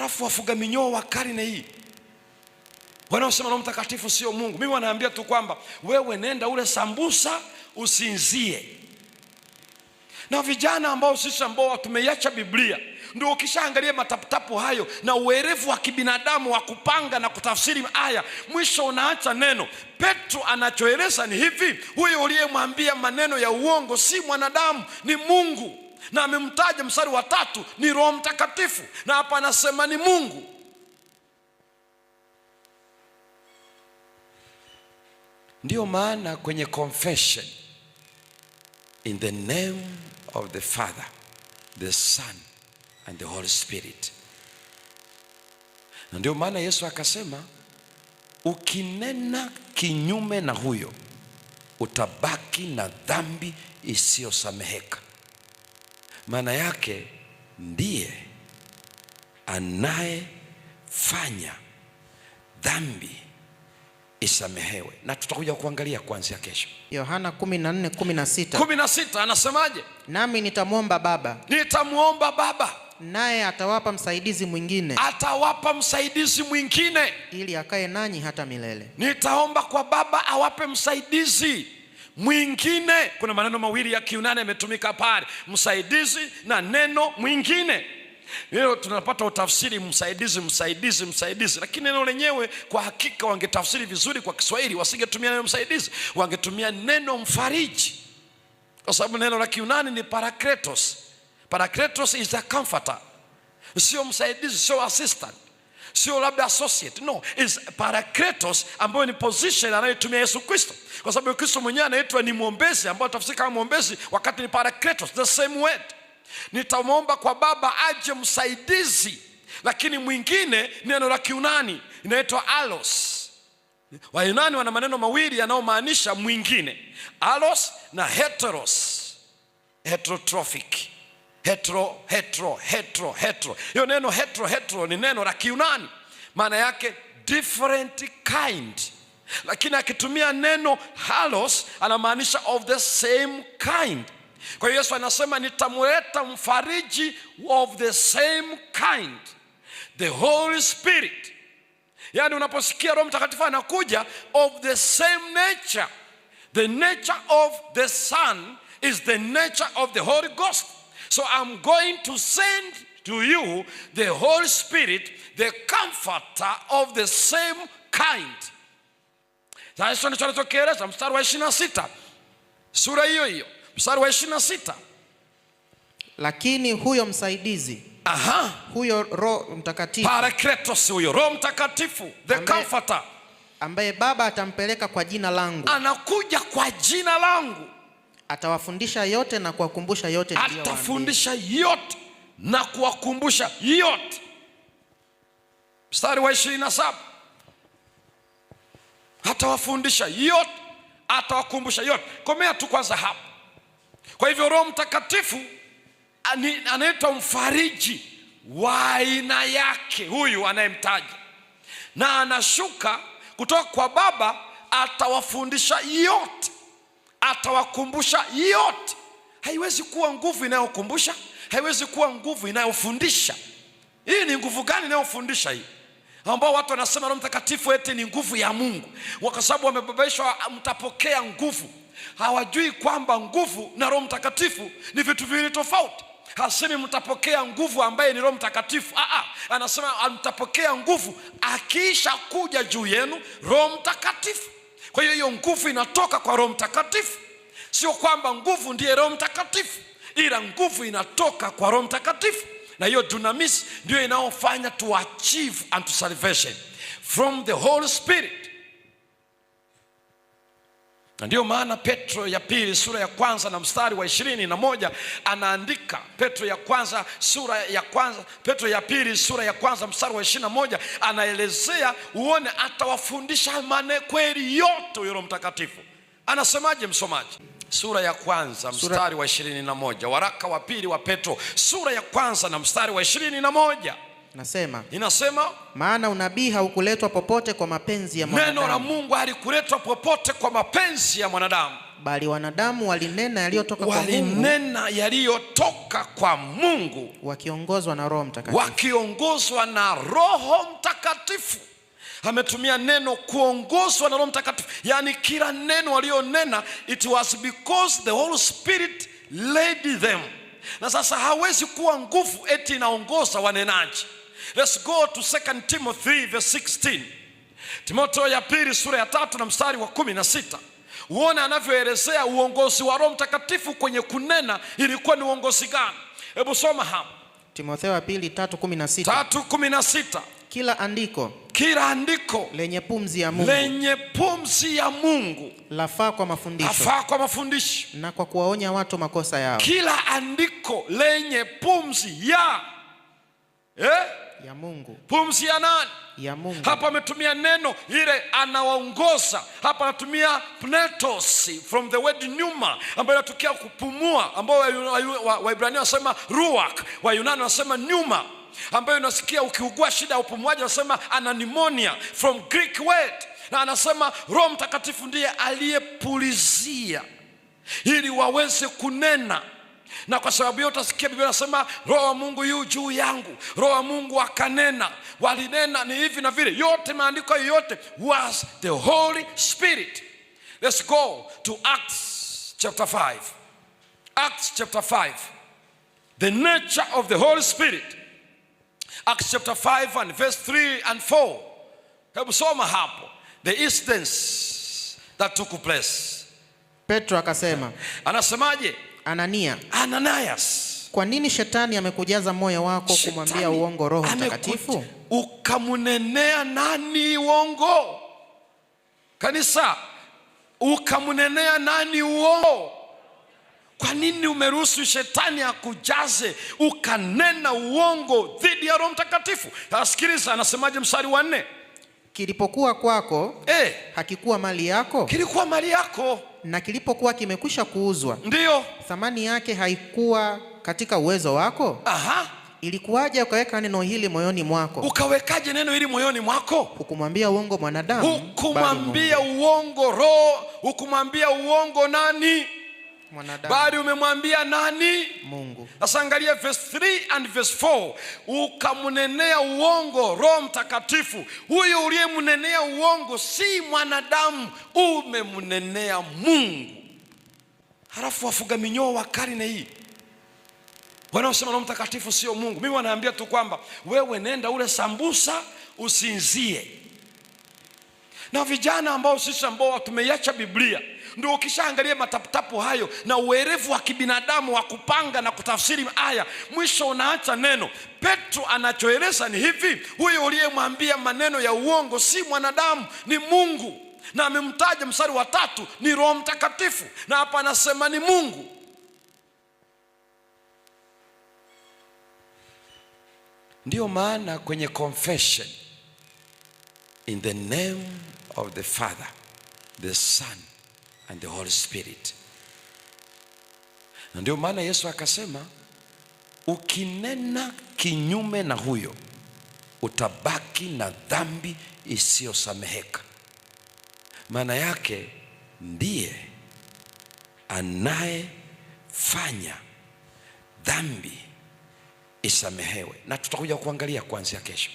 Halafu wafuga minyoo wa karne hii wanaosema na Mtakatifu sio Mungu, mimi wanaambia tu kwamba wewe nenda ule sambusa usinzie. Na vijana ambao sisi ambao tumeiacha Biblia ndio ukishaangalia mataputapu hayo na uherevu wa kibinadamu wa kupanga na kutafsiri aya, mwisho unaacha neno. Petro anachoeleza ni hivi, huyo uliyemwambia maneno ya uongo si mwanadamu, ni Mungu na amemtaja mstari wa tatu ni Roho Mtakatifu, na hapa anasema ni Mungu. Ndiyo maana kwenye confession, in the name of the Father the Son and the Holy Spirit, na ndio maana Yesu akasema ukinena kinyume na huyo utabaki na dhambi isiyosameheka maana yake ndiye anayefanya dhambi isamehewe, na tutakuja kuangalia kuanzia kesho. Yohana 14:16. 16 anasemaje? Nami nitamwomba Baba, nitamwomba Baba naye atawapa msaidizi mwingine, atawapa msaidizi mwingine ili akae nanyi hata milele. Nitaomba kwa Baba awape msaidizi mwingine. Kuna maneno mawili ya Kiunani yametumika pale, msaidizi na neno mwingine. hiyo tunapata utafsiri msaidizi, msaidizi, msaidizi, lakini neno lenyewe kwa hakika, wangetafsiri vizuri kwa Kiswahili wasingetumia neno msaidizi, wangetumia neno mfariji, kwa sababu neno la Kiunani ni parakletos. Parakletos is a comforter, sio msaidizi, sio assistant sio labda associate no, is parakletos ambayo ni position anayotumia Yesu Kristo, kwa sababu Kristo mwenyewe anaitwa ni mwombezi, ambayo tafsiri kama mwombezi wakati ni parakletos, the same word. Nitamwomba kwa Baba aje msaidizi, lakini mwingine, neno la Kiunani inaitwa alos. Wayunani wana maneno mawili yanayomaanisha mwingine, alos na heteros, heterotrophic hetro hetro hetro hetro Hiyo neno hetro hetro ni neno la Kiunani, maana yake different kind, lakini akitumia neno halos anamaanisha of the same kind. Kwa hiyo Yesu anasema nitamuleta mfariji of the same kind, the Holy Spirit. Yaani unaposikia Roho Mtakatifu anakuja of the same nature, the nature of the Son is the nature of the Holy Ghost. So I'm going to send to you the Holy Spirit, the comforter of the same kind. Sasa ndicho anachokieleza mstari wa 26, sura hiyo hiyo, mstari wa 26. Lakini huyo msaidizi Aha. huyo Roho Mtakatifu, Parakletos, huyo Roho Mtakatifu, the Ambe, comforter ambaye Baba atampeleka kwa jina langu, anakuja kwa jina langu atawafundisha yote na kuwakumbusha yote, atafundisha yote na kuwakumbusha yote. Mstari wa 27 atawafundisha yote, atawakumbusha yote. Komea tu kwanza hapo. Kwa hivyo Roho Mtakatifu anaitwa mfariji wa aina yake, huyu anayemtaja, na anashuka kutoka kwa Baba, atawafundisha yote atawakumbusha yote. Haiwezi kuwa nguvu inayokumbusha, haiwezi kuwa nguvu inayofundisha. Hii ni nguvu gani inayofundisha hii ambao watu wanasema Roho Mtakatifu eti ni nguvu ya Mungu, kwa sababu wamebebeshwa mtapokea nguvu. Hawajui kwamba nguvu na Roho Mtakatifu ni vitu viwili tofauti. Hasemi mtapokea nguvu ambaye ni Roho Mtakatifu. Aa, ah, ah. anasema ah, mtapokea nguvu akiisha kuja juu yenu Roho Mtakatifu. Kwa hiyo hiyo nguvu inatoka kwa Roho Mtakatifu, sio kwamba nguvu ndiye Roho Mtakatifu, ila nguvu inatoka kwa Roho Mtakatifu, na hiyo dunamis ndiyo inaofanya to achieve unto salvation from the Holy Spirit na ndiyo maana Petro ya pili sura ya kwanza na mstari wa ishirini na moja anaandika. Petro ya kwanza sura ya kwanza, Petro ya pili sura ya kwanza mstari wa ishirini na moja anaelezea, uone atawafundisha mane kweli yote yule mtakatifu. Anasemaje msomaji? Sura ya kwanza mstari wa ishirini na moja waraka wa pili wa Petro sura ya kwanza na mstari wa ishirini na moja Nasema inasema, maana unabii haukuletwa popote kwa mapenzi ya mwanadamu. Neno la Mungu halikuletwa popote kwa mapenzi ya mwanadamu, bali wanadamu walinena yaliyotoka kwa Mungu, walinena yaliyotoka kwa Mungu wakiongozwa na Roho Mtakatifu, wakiongozwa na Roho Mtakatifu. Ametumia neno kuongozwa na Roho Mtakatifu, yaani kila neno walionena, it was because the Holy Spirit led them na sasa hawezi kuwa nguvu eti inaongoza wanenaji. Let's go to second Timothy verse 16. Timoteo ya pili sura ya tatu na mstari wa kumi na sita uone anavyoelezea uongozi wa Roho Mtakatifu kwenye kunena ilikuwa ni uongozi gani? Hebu soma hapa Timotheo ya pili tatu kumi na sita. Tatu kumi na sita. Kila andiko kila andiko lenye pumzi ya Mungu, lenye pumzi ya Mungu lafaa kwa mafundisho, lafaa kwa mafundisho na kwa kuwaonya watu makosa yao. Kila andiko lenye pumzi ya eh? ya Mungu. Pumzi ya nani? Ya Mungu. Hapa ametumia neno ile anawaongoza hapa, anatumia pneutos from the word pneuma, ambayo inatokea kupumua, ambayo Waibrania wa, wa, wa wanasema ruach, Wayunani wanasema pneuma ambayo unasikia ukiugua shida ya upumuaji, anasema ana pneumonia from Greek word, na anasema Roho Mtakatifu ndiye aliyepulizia ili waweze kunena na kwa sababu hiyo utasikia Biblia inasema roho wa Mungu yu juu yangu, roho wa Mungu akanena, walinena ni hivi na vile. Yote maandiko yote was the Holy Spirit. Let's go to Acts chapter 5. Acts chapter 5, the nature of the Holy Spirit Acts chapter 5 and verse 3 and 4. Hebu soma hapo the incidents that took place. Petro akasema, anasemaje? Anania, Ananias, kwa nini shetani amekujaza moyo wako kumwambia uongo Roho Mtakatifu? Ukamunenea nani uongo? Kanisa, ukamunenea nani uongo? Kwa nini umeruhusu shetani akujaze ukanena uongo dhidi ya Roho Mtakatifu? Asikiliza, anasemaje mstari wa nne? Kilipokuwa kwako e, hakikuwa mali yako, kilikuwa mali yako, na kilipokuwa kimekwisha kuuzwa, ndiyo thamani yake haikuwa katika uwezo wako. Aha. Ilikuwaje ukaweka neno hili moyoni mwako? Ukawekaje neno hili moyoni mwako? Hukumwambia uongo mwanadamu, hukumwambia uongo roho, hukumwambia uongo nani? mwanadamu bali umemwambia nani? Mungu. Sasa verse 3 and verse 4, ukamnenea uongo Roho Mtakatifu. Huyo uliyemnenea uongo si mwanadamu, umemnenea Mungu. Halafu wafuga minyoo wa karne hii wanaosema Roho Mtakatifu sio Mungu, mimi wanaambia tu kwamba wewe nenda ule sambusa usinzie, na vijana ambao sisi ambao tumeiacha Biblia ndio ukishaangalia mataputapu hayo na uwerevu wa kibinadamu wa kupanga na kutafsiri aya, mwisho unaacha neno. Petro anachoeleza ni hivi, huyo uliyemwambia maneno ya uongo si mwanadamu, ni Mungu, na amemtaja mstari wa tatu ni Roho Mtakatifu, na hapa anasema ni Mungu. Ndiyo maana kwenye confession in the name of the Father, the Son and the Holy Spirit. Na ndio maana Yesu akasema ukinena kinyume na huyo utabaki na dhambi isiyosameheka. Maana yake ndiye anayefanya dhambi isamehewe, na tutakuja kuangalia kuanzia kesho.